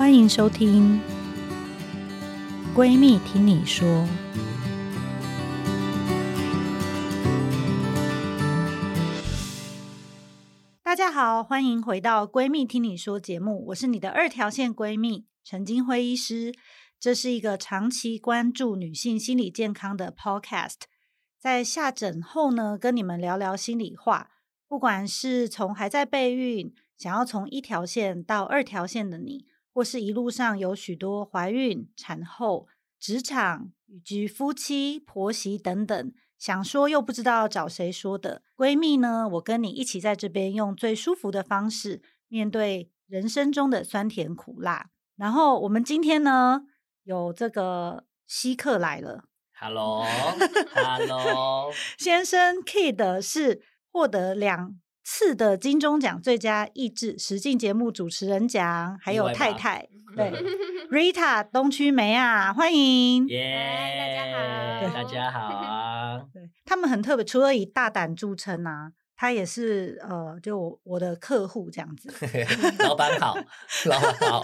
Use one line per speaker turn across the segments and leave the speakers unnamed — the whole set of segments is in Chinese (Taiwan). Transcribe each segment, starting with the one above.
歡迎收聽《閨蜜聽你說》。大家好，歡迎回到《閨蜜聽你說》節目，我是你的二條線閨蜜陳菁徽醫師。這是一個長期關注女性心理健康的 Podcast，在下診後呢，跟你們聊聊心裡話。不管是從還在備孕，想要從一條線到二條線的你。或是一路上有許多懷孕、產後、職場以及夫妻、婆媳等等，想說又不知道找誰說的閨蜜呢？我跟你一起在這邊，用最舒服的方式面對人生中的酸甜苦辣。然後我們今天呢，有這個稀客來了
，Hello，Hello，Hello.
先生 Kid 是獲得兩次的金鐘獎最佳益智實境節目主持人獎，還有太太對 Rita 東區妹仔，歡
迎，yeah, 大家好，大家好啊，啊 。
他們很特別，除了以大膽著稱啊，他也是呃，就我我的客戶這樣子，
老板闆好， 老板好，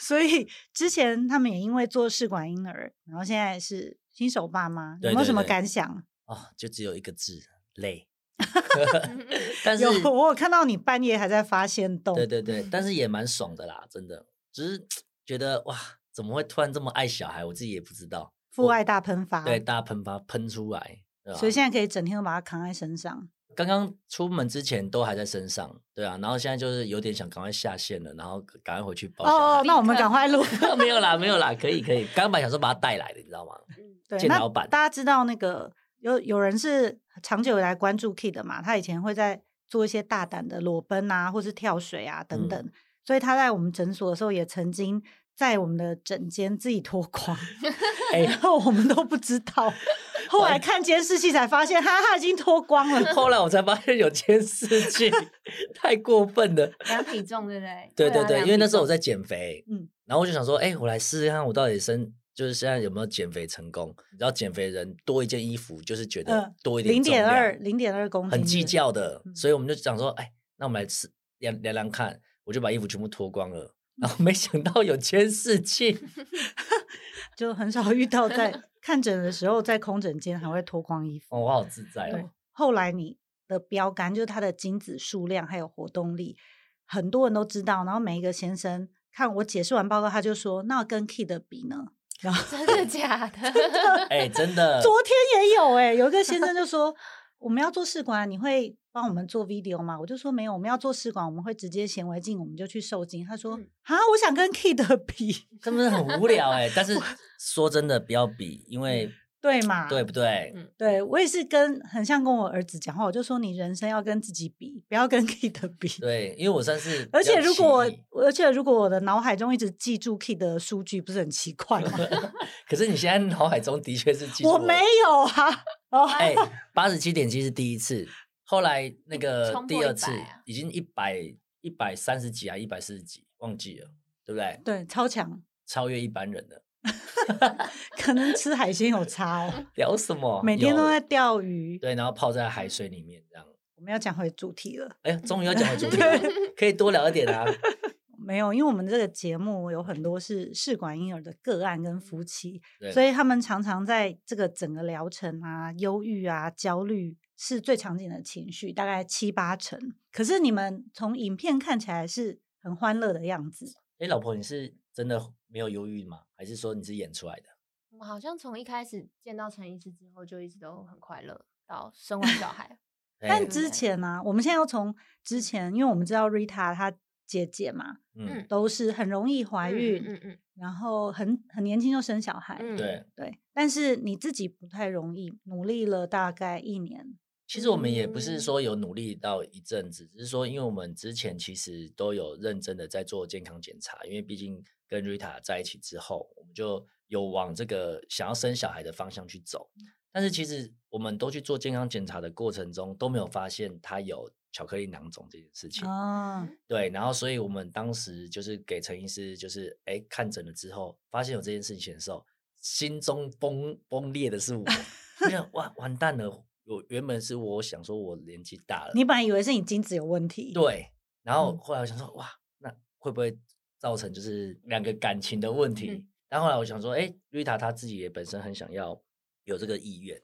所以之前他們也因為做試管嬰兒，然後現在是新手爸媽，有沒有什麼感想？
哦，就只有一個字，累。 但是，
我有看到你半夜還在發限動。對
對對，但是也蠻爽的啦，真的，只、就是覺得哇，怎麼會突然這麼愛小孩？我自己也不知道，
哦、父愛大噴發。對，
大噴發噴出來，所以現
在可以整天都把它扛在身上。
剛剛出門之前都還在身上，對啊，然後現在就是有點想趕快下線了，然後趕快回去抱。哦，那我們趕快錄。 沒有啦，沒有啦，可以可以，剛把小時候把它帶來的，你知道嗎？剪刀板。
大家知道那個。有有人是長久以來關注 KID 的嘛？他以前會在做一些大膽的裸奔啊，或是跳水啊等等，嗯，所以他在我們診所的時候，也曾經在我們的診間自己脫光，
然、欸、後 我們都不知道，後來看監視器
才發現他，哈哈，已經脫
光了。 後來我才發現有監視器， 太過分了。
量 體重對不對？
對對對，對啊、因為那時候我在減肥，嗯，然後我就想說，哎、欸，我來試試看，我到底身。就是現在有沒有減肥成功？然後減肥的人多一件衣服就是覺得多一點重量，零點二
零點二公斤很計
較的，嗯，所以我們就想說，哎，那我們來吃量量看。我就把衣服全部脫光了，嗯，然後沒想到有監視器，
就很少遇到在看診的時候在空診間還會脫光衣
服，哦，我好，好自在哦。
後來你的標杆就是他的精子數量還有活動力，很多人都知道。然後每一個先生看我解釋完報告，他就說：“那跟 KID 的比呢？”
真的假的？哎 、
欸，真的。昨
天也有哎、欸，有一個先生就說， 我們要做試管，你會幫我們做 video 嗎？我就說沒有，我們要做試管，我們會直接顯微鏡，我們就去受精。他說啊、嗯，我想跟 KID 比，是 不是很無聊哎、
欸？但是說真的，不要比，因為、 嗯。對嘛？對不對？嗯、
對，我也是跟很像跟我兒子講話，我就說你人生要跟自己比，不要跟 KID 的比。
對，因為我算是而且如果
我而且如果我的腦海中一直記住 KID 的數據，不是很奇怪嗎？
可是你現在腦海中的確是記住我，我沒
有啊。哎、 欸，
八十七點七是第一次，後來那個第二次、啊、已經一百一百三十幾啊，一百四十幾，忘記了，對不對？
對，超強，
超越一般人的。
可 能吃海鮮有差
哦。 聊什麼？每天都在釣魚。對，然後泡在海水裡面這樣。
我們要講回主題了。
哎呀，終於要講回主題了， 可以多聊一點啊。
沒有，因為我們這個節目有很多是試管嬰兒的個案跟夫妻，所以他們常常在這個整個療程啊、憂鬱啊、焦慮是最常見的情緒，大概七八成。可是你們從影片看起來是很歡樂的樣子。
哎，老婆，你是？真的沒有憂鬱嗎？還是說你是演出來的？
我好像從一開始見到陳醫師之後，就一直都很快樂，到生完小孩。 但之前
呢、啊，我們現在要從之前，因為我們知道 Rita 她姐姐嘛，嗯，都是很容易懷孕，嗯嗯，然後很很年輕就生小孩，嗯、對對。但是你自己不太容易，努力了大概一年。
其實我們也不是說有努力到一陣子，嗯、只是說，因為我們之前其實都有認真的在做健康檢查，因為畢竟跟 Rita 在一起之後，我們就有往這個想要生小孩的方向去走。但是其實我們都去做健康檢查的過程中，都沒有發現他有巧克力囊腫這件事情。嗯、哦，對。然後，所以我們當時就是給陳醫師，就是哎看診了之後，發現有這件事情的時候，心中崩崩裂的是我， 我想，哇，完蛋了。我原本是我想說，我年紀大了。你本
來以為是你精子有問題。
對，然後後來我想說，哇，那會不會造成就是兩個感情的問題？然、嗯、後來我想說，哎、欸，Rita 她自己也本身很想要有這個意願，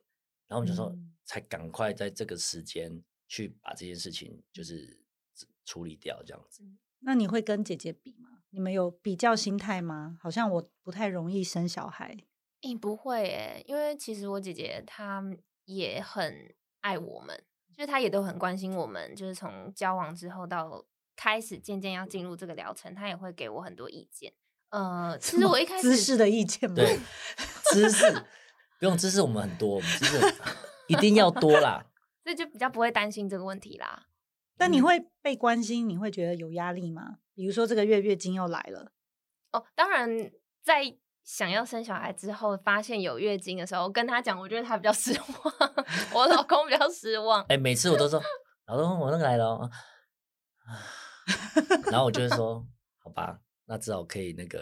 然後我們就說，嗯、才趕快在這個時間去把這件事情就是處理掉，這樣子、嗯。
那你會跟姐姐比嗎？你們有比較心態嗎？好像我不太容易生小孩。
嗯、欸，不會誒、欸，因為其實我姐姐她。也很愛我們，就是他也都很關心我們。就是從交往之後到開始漸漸要進入這個療程，他也會給我很多意見。呃，其實我一開始知識的意見嗎？對，
知識不用知識，我們很多，知識我們 一定要多啦。
所以 就比較不會擔心這個問題啦。
那你會被關心，你會覺得有壓力嗎？嗯？比如說這個月月經要來了，
哦，當然在。想要生小孩之後，發現有月經的時候，我跟他講，我覺得他比較失望，我老公比較失望。哎
欸，每次我都說 老公，我那個來了， 然後我就會說 好吧，那至少可以那個，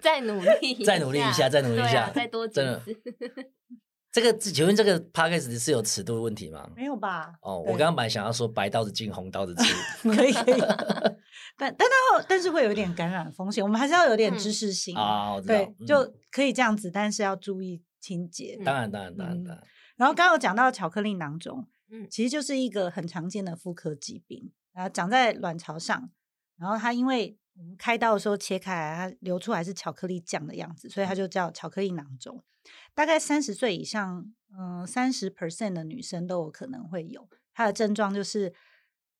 再努力再努力一下， 再努力一下，啊，再努力一下，啊再努力一下啊，再多幾次
這個，請問這個 podcast 是有尺度問題嗎？沒
有吧。哦，我剛剛
本來想要說白刀子進紅刀子出 ，
可以，可 但但但是會有一點感染風險，我們還是要有點知識性、嗯、哦，對、嗯，就可以這樣子，但是要注意清潔。嗯、當
然，當然，當
然，然、嗯。然後剛剛我講到巧克力囊腫，嗯，其實就是一個很常見的婦科疾病然後、啊、長在卵巢上，然後它因為我、嗯、開刀的時候切開來，它流出來是巧克力醬的樣子，所以它就叫巧克力囊腫。嗯嗯大概三十歲以上，嗯、呃，三十 percent 的女生都有可能會有。它的症狀就是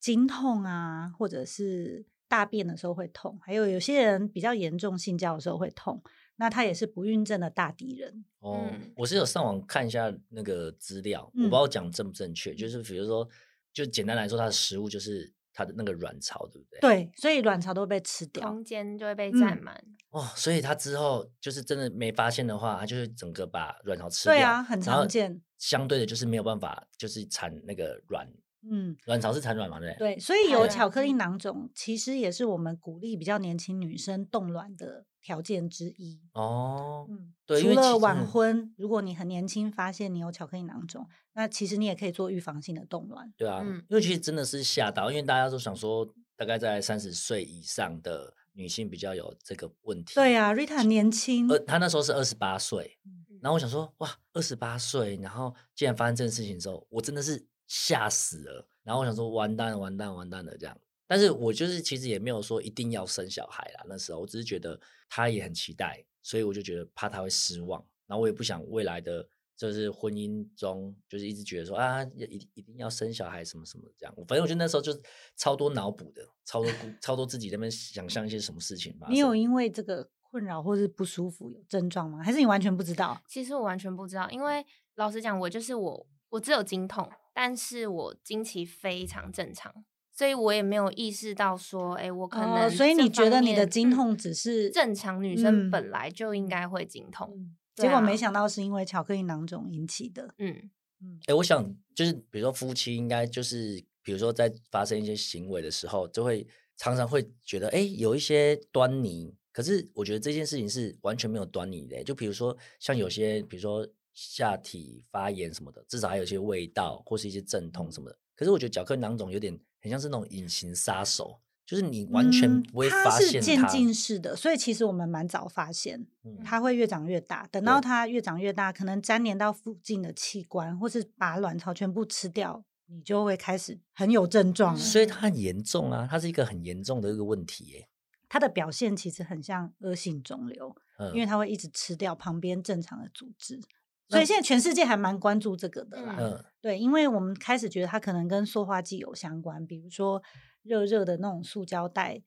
經痛啊，或者是大便的時候會痛，還有有些人比較嚴重，性交的時候會痛。那它也是不孕症的大敵人。哦，
我是有上網看一下那個資料，我不知道講正不正確、嗯。就是比如說，就簡單來說，它的食物就是。它的那個卵巢，對不對？
對，所以卵巢都會被吃掉，空間就會被佔滿。哇、嗯
哦，所以它之後就是真的沒發現的話，它、嗯、就是整個把卵巢吃掉。對啊，很常見。相對的，就是沒有辦法，就是產那個卵。嗯，卵巢是產卵嘛，對不對？對，
所以有巧克力囊腫，其實也是我們鼓勵比較年輕女生凍卵的。條件之一
哦、嗯，對，除了晚婚，
嗯、如果你很年輕發現你有巧克力囊腫，那其實你也可以做預防性的凍卵。對啊，嗯。因
為其實真的是嚇到，因為大家都想說，大概在三十歲以上的女性比較有這個問題。對
啊，Rita 很年輕，
呃，她那時候是二十八歲，然後我想說，哇，二十八歲，然後竟然發生這件事情之後，我真的是嚇死了。然後我想說完了，完蛋，完蛋，完蛋了這樣。但是我就是其實也沒有說一定要生小孩啦，那時候我只是覺得他也很期待，所以我就覺得怕他會失望，然後我也不想未來的就是婚姻中就是一直覺得說啊一一定要生小孩什麼什麼這樣，反正我覺得那時候就是超多腦補的，超多超多自己在那邊想象一些什麼事情吧。 你有
因為這個困擾或是不舒服有症狀嗎？還是你完全不知道？
其實我完全不知道，因為老實講，我就是我我只有經痛，但是我經期非常正常。嗯所以我也沒有意識到說，哎、欸，我可能、哦。所以你覺得你的
經痛只是、嗯、正常女生本來就應該會經痛、嗯啊，結果沒想到是因為巧克力囊腫引起的。嗯嗯。
哎、
欸，我想就是比如說夫妻應該就是比如說在發生一些行為的時候，就會常常會覺得哎、欸、有一些端倪，可是我覺得這件事情是完全沒有端倪的、欸。就比如說像有些比如說下體發炎什麼的，至少還有一些味道或是一些陣痛什麼的。可是我覺得巧克力囊腫有點很像是那種隱形殺手，就是你完全不會發現它。嗯，它是漸進
式的，所以其實我們蠻早發現，它會越長越大。等到它越長越大，可能粘連到附近的器官，或是把卵巢全部吃掉，
你就會開始很有症狀。所以它很嚴重啊，它是一個很嚴重的一個問題欸。
它的表現其實很像惡性腫瘤，因為它會一直吃掉旁邊正常的組織。嗯、所以現在全世界還蠻關注這個的啦、嗯，對，因為我們開始覺得它可能跟塑化劑有相關，比如說熱熱的那種塑膠袋，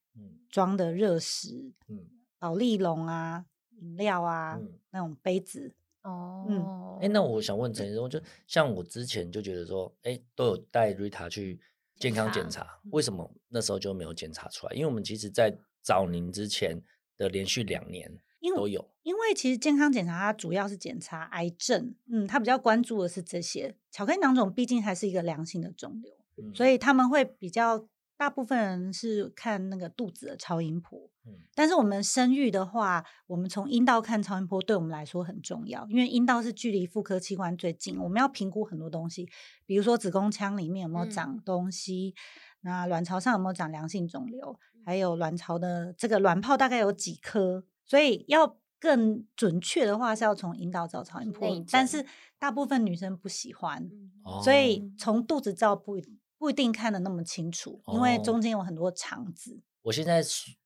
裝、嗯、的熱食，嗯，保麗龍啊，飲料啊、嗯，那種杯子，
嗯、哦，嗯，哎、欸，那我想問陳醫生，就像我之前就覺得說，哎、欸，都有帶 Rita 去健康檢查，檢查、嗯，為什麼那時候就沒有檢查出來？因為我們其實在找您之前的連續兩年。因為，都有。
因為其實健康檢查它主要是檢查癌症，嗯，它比較關注的是這些。巧克力囊腫畢竟還是一個良性的腫瘤、嗯，所以他們會比較大部分人是看那個肚子的超音波。嗯，但是我們生育的話，我們從陰道看超音波對我們來說很重要，因為陰道是距離婦科器官最近，我們要評估很多東西，比如說子宮腔裡面有沒有長東西、嗯，那卵巢上有沒有長良性腫瘤，還有卵巢的這個卵泡大概有幾顆。所以要更準確的話是從找找，是要從陰道照超音波。但是大部分女生不喜歡，嗯、所以從肚子照不不一定看得那麼清楚，哦、因為中間有很多腸子。
我現在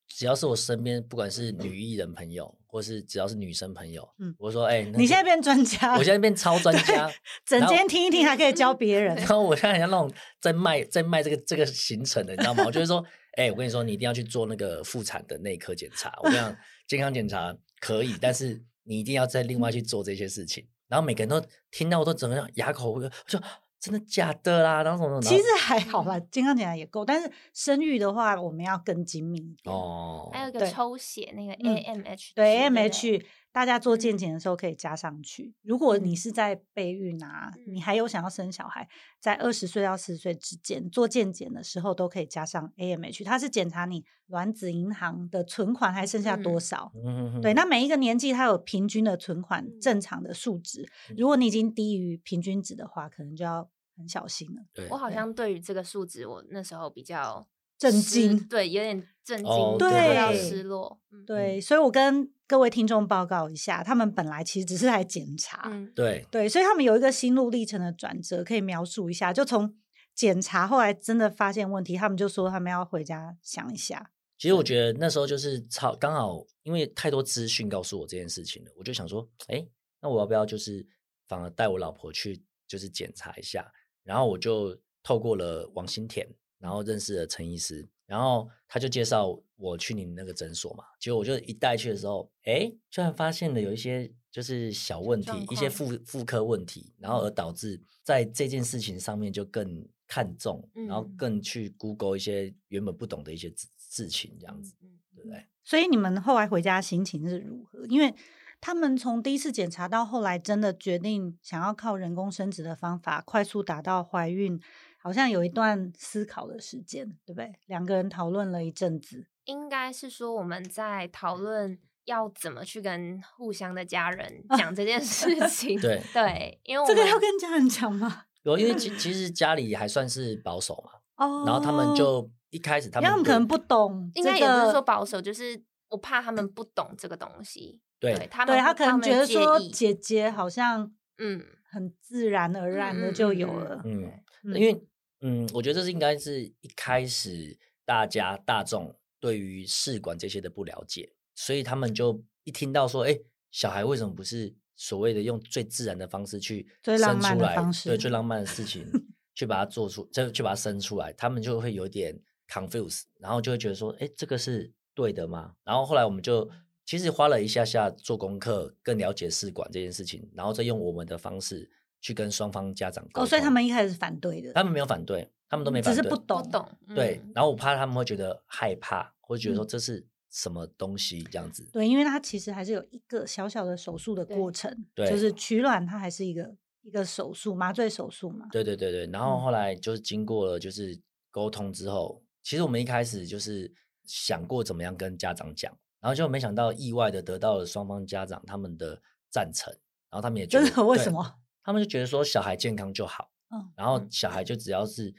只要是我身邊，不管是女藝人朋友，或是只要是女生朋友，嗯、我說哎、欸那個，你現在
變專家，我現在
變超專家，
整天聽一聽還可以教別人。 然
後我現在很像那種在賣在賣這個這個行程的，你知道嗎？ 我就是說，哎、欸，我跟你說，你一定要去做那個婦產的內科檢查。我跟你講。 健康檢查可以，但是你一定要再另外去做這些事情。嗯、然後每個人都聽到我都怎麼樣啞口無言，我說、啊、真的假的啦？當時其實還
好啦、嗯，健康檢查也夠，但是生育的話我們要更精密一點哦，還
有一個
抽血那個 AMH、嗯、
對對對 AMH，對 AMH。
大家做健檢的時候可以加上去。如果你是在備孕啊、嗯，你還有想要生小孩，在二十歲到四十歲之間做健檢的時候都可以加上 AMH。它是檢查你卵子銀行的存款還剩下多少。嗯、對，那每一個年紀它有平均的存款、嗯、正常的數值。如果你已經低於平均值的話，可能就要很小心了。對，我好像
對於這個數值，我那時候比較。震驚，對，有點震
驚、哦，對、對、對、對，比較失落，
對、對、
嗯，所以我跟各位聽眾報告一下，他們本來其實只是來檢查、嗯，對，對，所以他們有一個心路歷程的轉折，可以描述一下，就從檢查後來真的發現問題，他們就說他們要回家想一下。
其實我覺得那時候就是超剛好，因為太多資訊告訴我這件事情了，我就想說，哎，那我要不要就是反而帶我老婆去就是檢查一下？然後我就透過了王新田，然後認識了陳醫師，然後他就介紹我去你們那個診所嘛。結果我就一帶去的時候，哎，突然發現了有一些就是小問題，嗯、一些婦婦科問題，然後而導致在這件事情上面就更看重，嗯、然後更去 Google 一些原本不懂的一些事情這樣子，對不對？
所以你們後來回家心情是如何？因為他們從第一次檢查到後來真的決定想要靠人工生殖的方法快速達到懷孕。好像有一段思考的時間，對不對？兩個人討論了一陣子，
應該是說我們在討論要怎麼去跟互相的家人講這件事情。啊、對對，因為我這個要跟家人講嗎？
有，因為其其實家裡還算是保守嘛。哦， 然後他們就一開始，他們可能
不懂、這個，應該也不是說
保守，就是我怕他們不懂這個東西。嗯、對、對，他們
對他可能覺得說姐姐好像嗯，很自然而然的就有
了，嗯，因為。嗯，我覺得這是應該是一開始大家大眾對於試管這些的不了解，所以他們就一聽到說，哎，小孩為什麼不是所謂的用最自然的方式去生出來，最對最浪漫的事情去把它做出，就 去把它生出來，他們就會有點 confuse，然後就會覺得說，哎，這個是對的嗎？然後後來我們就其實花了一下下做功課，更了解試管這件事情，然後再用我們的方式。去跟雙方家長溝通，哦，所以
他們一開始是反對的？他們
沒有反對，他們都沒反對只是不
懂，不懂。對、嗯，
然後我怕他們會覺得害怕，或者覺得說這是什麼東西這樣子、嗯。
對，因為它其實還是有一個小小的手術的過程，對，就是取卵，它還是一個一個手術，麻醉手術嘛。
對對對對，然後後來就是經過了就是溝通之後、嗯，其實我們一開始就是想過怎麼樣跟家長講，然後就沒想到意外的得到了雙方家長他們的贊成，然後他們也覺得為什麼？他們就覺得說小孩健康就好、哦，然後小孩就只要是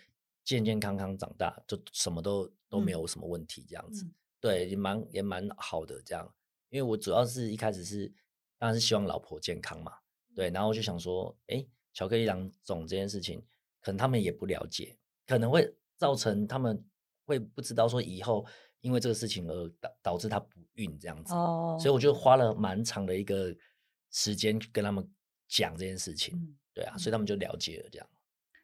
健健康康長大，嗯、就什麼都都沒有什麼問題這樣子，嗯、對，也蠻也蠻好的這樣。因為我主要是一開始是當然是希望老婆健康嘛，對，然後我就想說，哎，巧克力囊腫這件事情，可能他們也不了解，可能會造成他們會不知道說以後因為這個事情而導導致他不孕這樣子、哦，所以我就花了蠻長的一個時間跟他們講這件事情，對啊、嗯，所以他們就了解了這樣。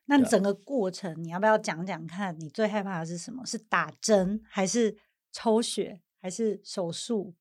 那你整個過程，你要不要講講看，你最害怕的是什麼？是打針還是抽血還是手術？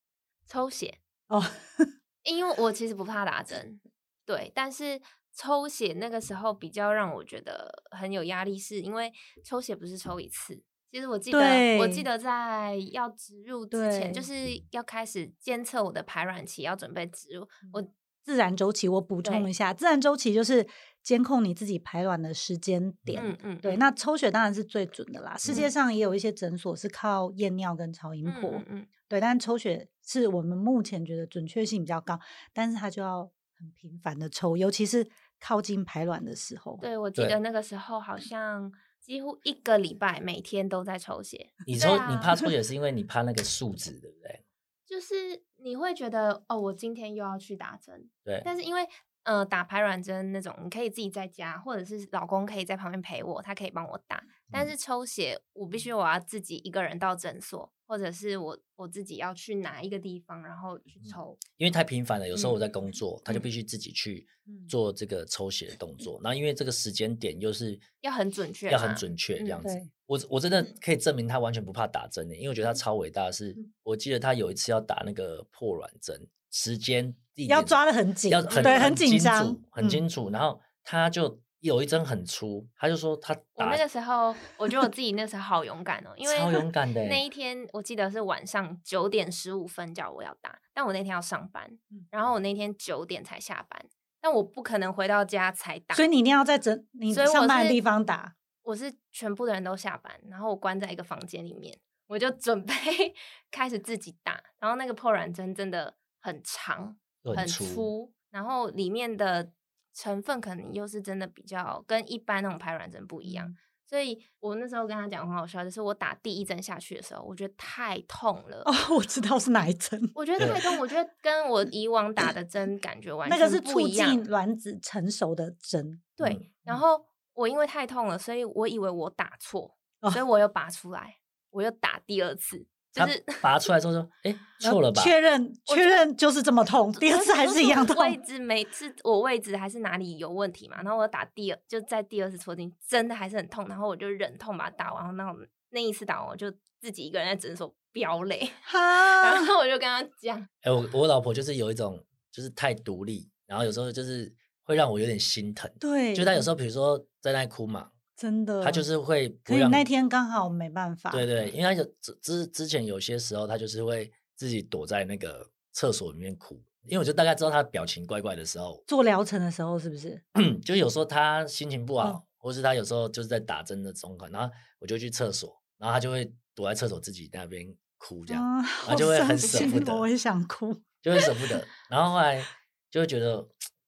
抽血哦， 因為我其實不怕打針，對，但是抽血那個時候比較讓我覺得很有壓力，是因為抽血不是抽一次。其實我記得，我記得在要植入之前，就是要開始監測我的排卵期，要準備植入、嗯、我。
自然週期，我補充一下，自然週期就是監控你自己排卵的時間點。嗯嗯，對嗯。那抽血當然是最準的啦。嗯、世界上也有一些診所是靠驗尿跟超音波。嗯、嗯、嗯對。但抽血是我們目前覺得準確性比較高，
但是它就要
很頻繁的抽，尤其是靠近排卵的時候。對，我記
得那個時候好像幾乎一個禮拜每天都在抽血。啊、你抽，你怕抽血，是
因為你怕那個數字，對不對？
就是你會覺得哦，我今天又要去打針。對，但是因為呃，打排卵針那種，你可以自己在家，或者是老公可以在旁邊陪我，他可以幫我打。但是抽血，我必須我要自己一個人到診所，或者是我我自己要去哪一個地方，然後去抽、
嗯。因為太頻繁了，有時候我在工作、嗯，他就必須自己去做這個抽血的動作。然後因為這個時間點又是
要很準確的，要很準確這樣子。嗯
我我真的可以證明他完全不怕打針的、嗯，因為我覺得他超偉大的是。是、嗯、我記得他有一次要打那個破卵針，時間要抓得很緊，要很對、很緊張、嗯，很清楚。然後他就有一針很粗，他就說他打我那個
時候，我覺得我自己那時候好勇敢哦、喔， 超勇敢的、欸。那一天我記得是晚上九點十五分叫我要打，但我那天要上班，嗯、然後我那天九點才下班，但我不可能回到家才打，所以你一定要在這，你上班的地方打。我是全部的人都下班，然後我關在一個房間裡面，我就準備開始自己打。然後那個破卵針真的很長很、很粗，然後裡面的成分可能又是真的比較跟一般那種排卵針不一樣。所以我那時候跟他講話，我說就是我打第一針下去的時候，我覺得太痛了。哦，我知道是哪一針。我覺得那個太痛，我覺得跟我以往打的針感覺完全不一樣，那個是促進
卵子成熟的針。
對，然後。我因為太痛了，所以我以為我打錯，哦，所以我又拔出來，我又打第
二次。就是拔出來之後說，哎、 欸，錯了吧？確認確
認就是這麼痛，第
二
次還是一樣痛。位置每次我位置還是哪裡有問題嘛？然後我打第二，就在第二次抽筋，真的還是很痛。然後我就忍痛把它打完。然後那那一次打完，我就自己一個人在診所飆淚。然後我就跟他講，哎，
欸，我我老婆就是有一種就是太獨立，然後有時候就是。會讓我有點心疼，對，就他有時候，比如說在那裡哭嘛，
真的，他就
是會不。所以那
天剛好沒辦法。對對，對、嗯，
因為他有之、之前有些時候，他就是會自己躲在那個廁所裡面哭，因為我就大概知道他表情怪怪的時候。
做療程的時候是不是
就有時候他心情不好，嗯、或是他有時候就是在打針的狀況，然後我就去廁所，然後他就會躲在廁所自己那邊哭這樣，我、嗯、就會很捨不
得、嗯，我也想哭，就會捨不得。
然後後來就會覺得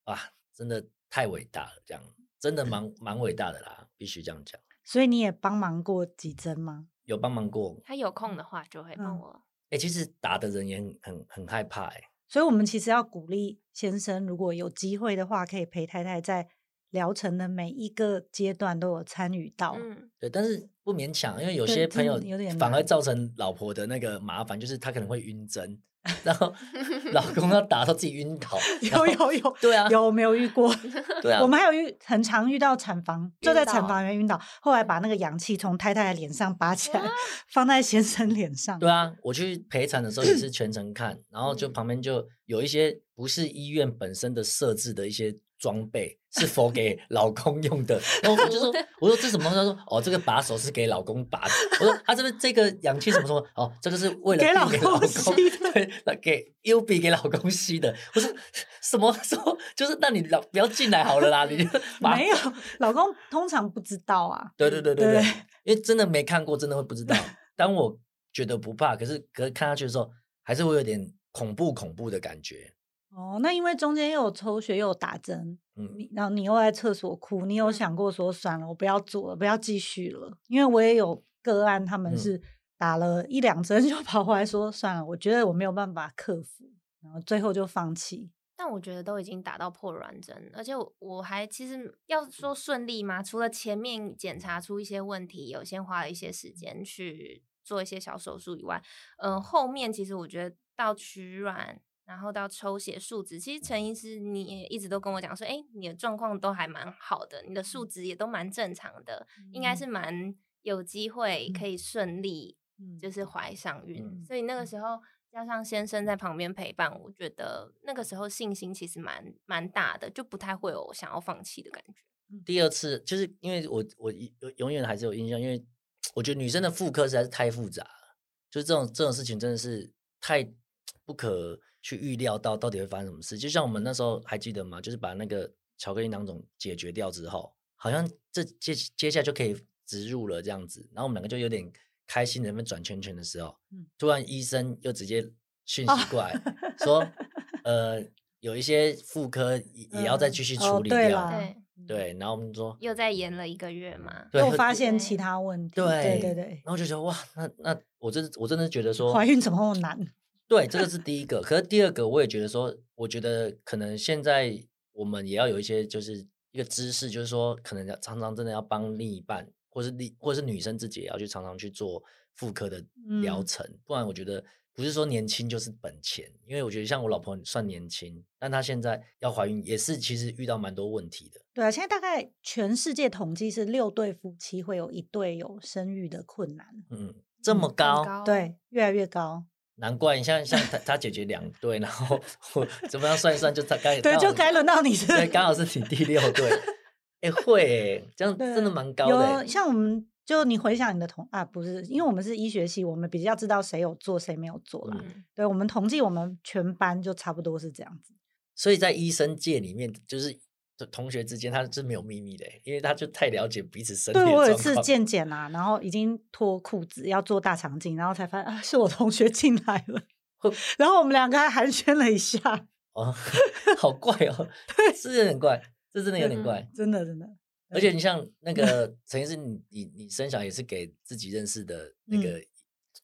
哇。真的太偉大了，這樣真的蠻蠻偉大的啦，必須這樣講。
所以你也幫忙過幾針嗎？
有幫忙過，
他有
空的話就會
幫我。
哎、嗯欸，其實打的人也很很害怕哎、欸。
所以我們其實要鼓勵先生，如果有機會的話，可以陪太太在療程的每一個階段都有參與到。嗯，
對，但是不勉強，因為有些朋友反而造成老婆的那個麻煩，就是他可能會暈針。然後老公要打到自己暈倒， 有有有，
有有，對啊，有沒有遇過？ 對啊，我們還有遇很常遇到產房，就在產房裡面暈倒，後來把那個氧氣從太太的臉上拔起來， 放在先生
臉上。對啊，我去陪產的時候也是全程看， 然後就旁邊就有一些不是醫院本身的設置的一些。裝備是否給老公用的？ 然後我就說：“我說這什麼？” 他說：“哦，這個把手是給老公拔的。”我說：“他、啊、這邊這個氧氣什麼什麼？ 哦，這個是為了給老，給老公吸的，對給又比給老公吸的。”我說：“什麼時候？說就是讓你老不要進來好了啦。 你就把”你沒有老公通常不知道啊。對對對對對，對因為真的沒看過，真的會不知道。但 我覺得不怕，可是可是看下去的時候，還是會有點恐怖恐怖的感覺。
哦，那因為中間又有抽血又有打針，嗯，然後你又在廁所哭，你有想過說算了、嗯，我不要做了，不要繼續了？因為我也有個案，他們是打了一兩針就跑回來說算了、嗯，我覺得我沒有辦法克服，然後最後就放棄。
但我覺得都已經打到破卵針，而且我，我還其實要說順利嗎？除了前面檢查出一些問題，有先花了一些時間去做一些小手術以外，嗯、呃，後面其實我覺得到取卵。然後到抽血數值，其實陳醫師，你也一直都跟我講說，哎，你的狀況都還蠻好的，你的數值也都蠻正常的、嗯，應該是蠻有機會可以順利，就是懷上孕、嗯。所以那個時候，加上先生在旁邊陪伴，我覺得那個時候信心其實蠻蠻大的，就不太會有想要放棄的感覺。
第二次就是因為我我，我永遠還是有印象，因為我覺得女生的婦科實在是太複雜了，就是這種這種事情真的是太不可。去預料到到底會發生什麼事，就像我們那時候還記得嗎？就是把那個巧克力囊腫解決掉之後，好像這接接下來就可以植入了這樣子。然後我們兩個就有點開心，在那邊轉圈圈的時候，突然醫生又直接訊息過來說，呃，有一些婦科也要再繼續處理掉、哦。對、啊、對，然後我們說
又再延了一個月嘛，
又發現其他問題。對對對，對，然後就覺得哇，那那我真我真的覺得說，懷孕
怎麼那麼難？對，這個是
第一個。可是第二個，我也覺得說，我覺得可能現在我們也要有一些就是一個知識就是說，可能要常常真的要幫另一半，或是女，或是女生自己也要去常常去做婦科的療程、嗯。不然，我覺得不是說年輕就是本錢，因為我覺得像我老婆算年輕，但她現在要懷孕也是其實遇到蠻多問題的。
對啊，現在大概全世界統計是六對夫妻會有一對有生育的困難。嗯，
這麼高，嗯、這麼高，對，
越來越高。
難怪你像像他 他解決兩對，然後我怎麼樣算一算就他也剛剛 對，就該輪到你是，剛好是你第六對。哎、 欸，會、欸、這樣真的蠻高的、欸有。
像我們就你回想你的同啊，不是，因為我們是醫學系，我們比較知道誰有做誰沒有做啦、嗯。對我們統計我們全班就差不多是這樣子。
所以在醫生界裡面，就是。同學之間他是真沒有秘密的，因為他就太了解彼此身體。對，我有一次健
檢吶，然後已經脫褲子要做大腸鏡，然後才發現、啊、是我同學進來了，然後我們兩個還寒暄了一下。
哦，好怪哦， 對，是有點怪，這真的有點怪，嗯、
真的真的，真的。而且你像
那個陳醫師你 你生小也是給自己認識的那個，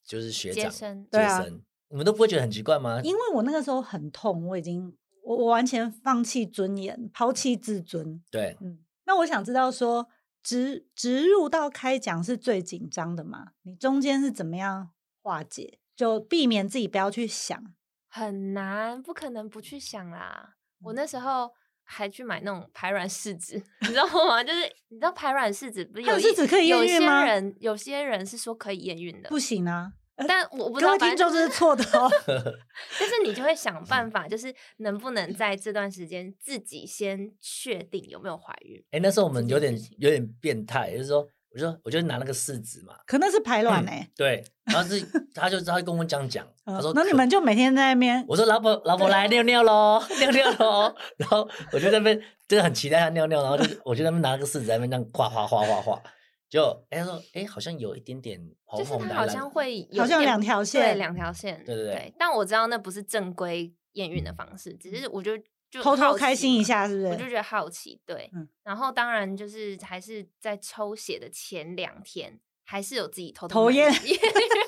就是學長，接生、接生，對啊，你們都不會覺得很奇怪嗎？因
為我那個時候很痛，我已經。我我完全放棄尊嚴，拋棄自尊。對，嗯。那我想知道說，植植入到開講是最緊張的嗎？你中間是怎麼樣化解？就避免自己不要去想，
很難，不可能不去想啦。嗯，我那時候還去買那種排卵試紙， 你知道嗎？就是你知道排卵試紙 不是有試紙可以驗孕嗎？有些人有些人是說可以驗孕的，不行啊。但我不知道，反正就是錯的。哦，但 是你就會想辦法，就是能不能在這段時間自己先確定有沒有懷孕？
哎、欸，那時候我們有點有點變態，就是說，我說我就拿那個試紙嘛。
可能是排卵呢、欸
嗯。對，然後是他就他就跟我這樣講， 他說那、嗯、你
們就每天在那邊。
我說老婆老婆來尿尿嘍，尿尿嘍。 然後我就在那邊真的很期待他尿尿，然後就我就在那邊拿了個試紙在那邊這樣畫畫畫畫畫。就哎、欸、說，哎、欸，好像有一點點紅紅，就是他好像
會有，好像兩條線，對，兩條線，對對對。對，但我知道那不是正規驗孕的方式、嗯，只是我就就偷偷開心一下，是不是？我就覺得好奇，對、嗯。然後當然就是還是在抽血的前兩天，還是有自己偷偷驗，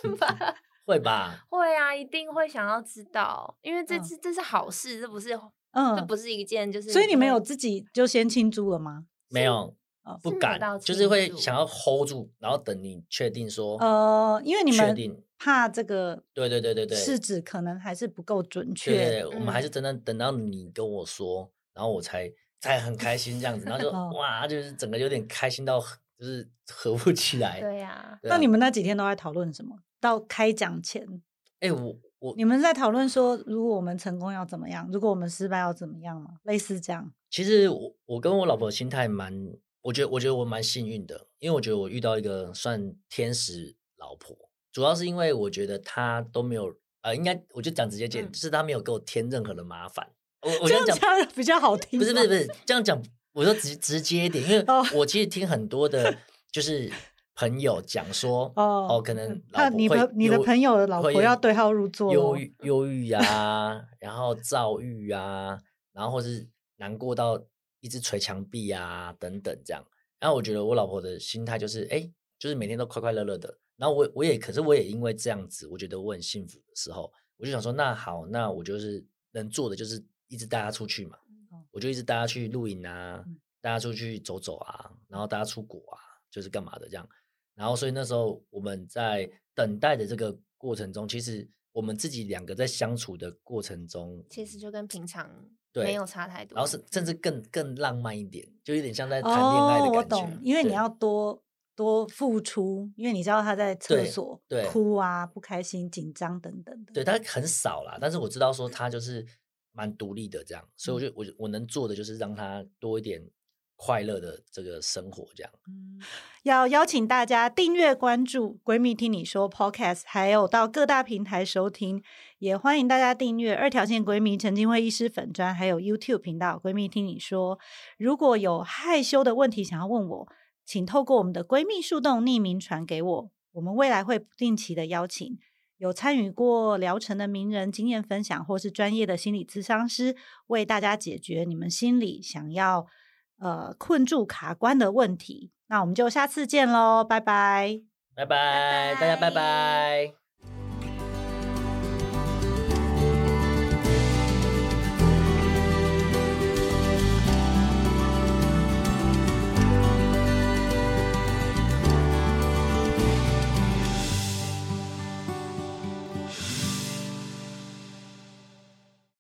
會吧？
會啊，一定會想要知道，因為這次、嗯、這是好事，這不是嗯，這不是一件就是，所以你沒有自
己就先慶祝了嗎？
沒有。哦、不敢，就是會想要 hold 住，然後等你確定說，呃，因為你們確定
怕這個，
對對對對對，試紙
可能還是不夠準確。確對,對,對,對,對,對,對,對,對、嗯，我們還是
真的等到你跟我說，然後我才才很開心這樣子， 然後就、哦、哇，就是整個有點開心到就是合不起來。對
呀、啊啊，那你們那幾天都在討論什麼？到開獎前，
哎、欸，我我你
們在討論說，如果我們成功要怎麼樣？如果我們失敗要怎麼樣嗎？類似這樣。
其實我我跟我老婆心態蠻。我覺得，我覺得我蠻幸運的，因為我覺得我遇到一個算天使老婆，主要是因為我覺得她都沒有，呃，應該我就講直接點，嗯，就是她沒有給我添任何的麻煩。我我這樣講比較好聽，不是不是不是這樣講，我說直直接一點， 因為我其實聽很多的，就是朋友講說， 哦，可能那、嗯、你的你的朋友
的老婆要對號入座憂，憂
憂鬱呀， 然後躁鬱呀、啊，然後或是難過到。一直捶牆壁呀、啊，等等這樣。然後我覺得我老婆的心態就是，哎、欸，就是每天都快快樂樂的。然後我也我也，可是我也因為這樣子，我覺得我很幸福的時候，我就想說，那好，那我就是能做的就是一直帶她出去嘛，嗯、我就一直帶她去露營啊，帶她出去走走啊，嗯、然後帶她出國啊，就是幹嘛的這樣。然後所以那時候我們在等待的這個過程中，其實我們自己兩個在相處的過程中，
其實就跟平常。
對，沒有差太多，然後是甚至更更浪漫一點，就有點像在談戀愛的感覺。哦，我懂，
因
為你要多多付出，因為你知道他在廁所，對，對，哭啊、不開心、緊張等等，對，他
很少啦，但是我知道說他就是蠻獨立的這樣，嗯，所以我就我我能做的就是讓他多一點快樂的這個生活，這樣，
嗯，要邀請大家訂閱關注“閨蜜聽你說 ”Podcast，還有到各大平台收聽。也歡迎大家訂閱二條線閨蜜陳菁徽醫師粉專，還有 YouTube 頻道“閨蜜聽你說”。如果有害羞的問題想要問我，請透過我們的閨蜜樹洞匿名傳給我。我們未來會不定期的邀請有參與過療程的名人經驗分享，或是專業的心理諮商師為大家解決你們心裡想要。呃，困住卡關的問題，那我們就下次見嘍，拜拜，拜
拜，大家拜拜。拜拜拜拜。